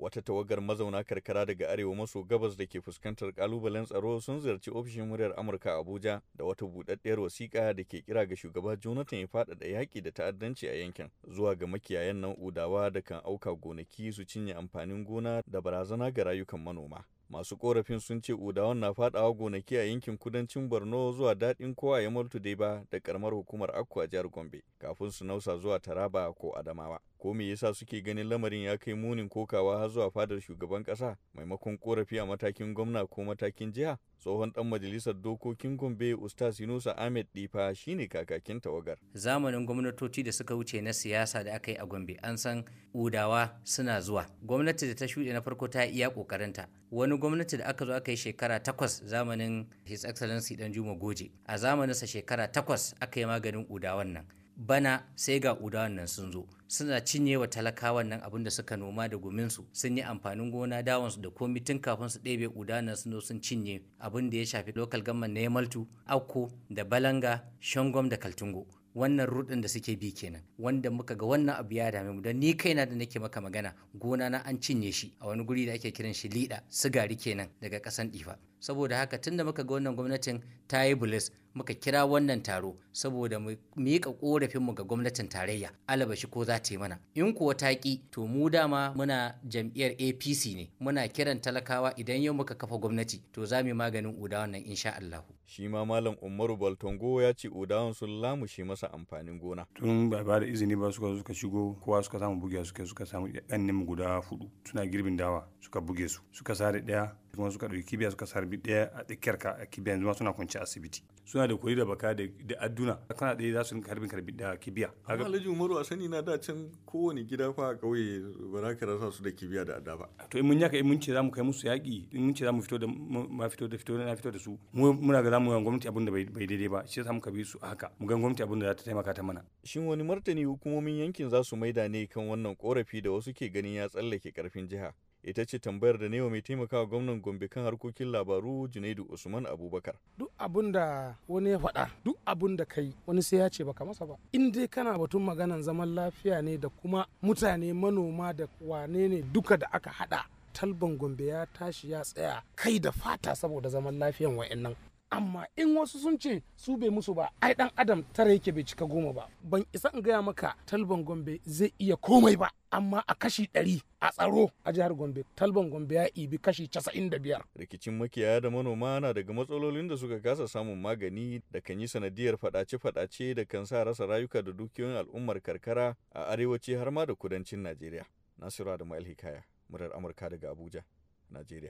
wata tawagar mazauna karkara daga arewa maso gabas da ke fuskantar kalubalen tsaro sun ziyarci ofishin muryar amurka abuja da wata budaddiyar wasiƙa da ke kira ga shugaba jonathan ya faɗaɗa yaƙi da ta'addanci a yankin zuwa ga makiyayan nan udawa da kan auka gonaki su cinye amfanin gona da barazana ga rayukan manoma Masu korafin sun ce Udawan na fadawa gonaki a yankin kudancin Borno zuwa daɗin kowa ya dai ba da karamar hukumar Akku a jihar Gombe kafin su nausa zuwa Taraba ko Adamawa. Ko me yasa suke ganin lamarin ya kai munin kokawa har zuwa fadar shugaban ƙasa maimakon korafi a matakin gwamna ko matakin jiha? tsohon dan majalisar dokokin gombe ustaz yunusa ahmed difa shine kakakin tawagar zamanin gwamnatoci da suka wuce na siyasa da aka yi a gombe an san udawa suna zuwa gwamnati da ta shuɗe na farko ta iya kokarinta wani gwamnati da aka zo aka yi shekara takwas zamanin his excellency dan juma goje a zamaninsa shekara takwas aka yi maganin udawan nan bana sai ga udawan nan sun zo suna cinye wa talakawan nan abin da suka noma da guminsu sun yi amfanin gona dawansu da komi tun kafin su ɗebe udawan nan sun zo sun cinye abin da ya shafi local government na yamaltu akko da balanga shangom da kaltungo wannan rudin da suke bi kenan wanda muka ga wannan abu ya dame mu don ni kaina da nake maka magana gona na an cinye shi a wani guri da ake kiran shi lida sigari kenan daga kasan difa saboda haka tun da muka ga wannan gwamnatin ta yi bulis muka kira wannan taro saboda mu yi ka mu ga gwamnatin tarayya alabashi ko za ta yi mana in kuwa ta ki to mu dama muna jam'iyyar apc ne muna kiran talakawa idan yau muka kafa gwamnati to za mu maganin uda wannan insha Allah. shi ma malam umaru baltongo ya ce odawan sun lamushe masa amfanin gona tun ba ba da izini ba suka suka shigo kowa suka samu bugiya suka suka samu ɗan guda hudu suna girbin dawa suka buge su suka sare ɗaya kuma suka ɗauki kibiya suka sarbi ɗaya a tsakiyar ka a kibiya yanzu ma suna kwanci asibiti suna da koli da baka da adduna kana ɗaya za su rinka harbin karbi da kibiya amma alhaji umaru a sani na da can kowane gida fa a ƙauye ba za ka rasa su da kibiya da adda ba to in mun yaka in mun ce za mu kai musu yaƙi in mun ce za mu fito da ma fito da fito na fito da su mu muna ga za mu ga gwamnati abin da bai daidai ba shi yasa muka bi su a haka mu ga gwamnati abin da za ta taimaka ta mana shin wani martani hukumomin yankin za su maida ne kan wannan korafi da wasu ke ganin ya tsallake karfin jiha ita ce tambayar da newa mai taimakawa gwamnan gombe kan harkokin labaru junaidu usman abubakar duk abun da wani ya faɗa duk abun da kai wani sai ya ce baka masa ba in dai kana batun maganan zaman lafiya ne da kuma mutane manoma da wane ne duka da aka haɗa talban gombe ya tashi ya tsaya kai da fata saboda zaman lafiyan wa'annan amma in wasu sun ce su bai musu ba ai dan adam tara yake bai cika goma ba ban isa in gaya maka talban gombe zai iya komai ba amma a kashi ɗari a tsaro a jihar gombe talban gombe ya ibi kashi casa'in da biyar. rikicin makiyaya da manoma na daga matsalolin da suka kasa samun magani da kan yi sanadiyar fadace-fadace da kan sa rasa rayuka da dukiyoyin al'ummar karkara a arewaci har ma da kudancin najeriya nasiru da hikaya murar amurka daga abuja najeriya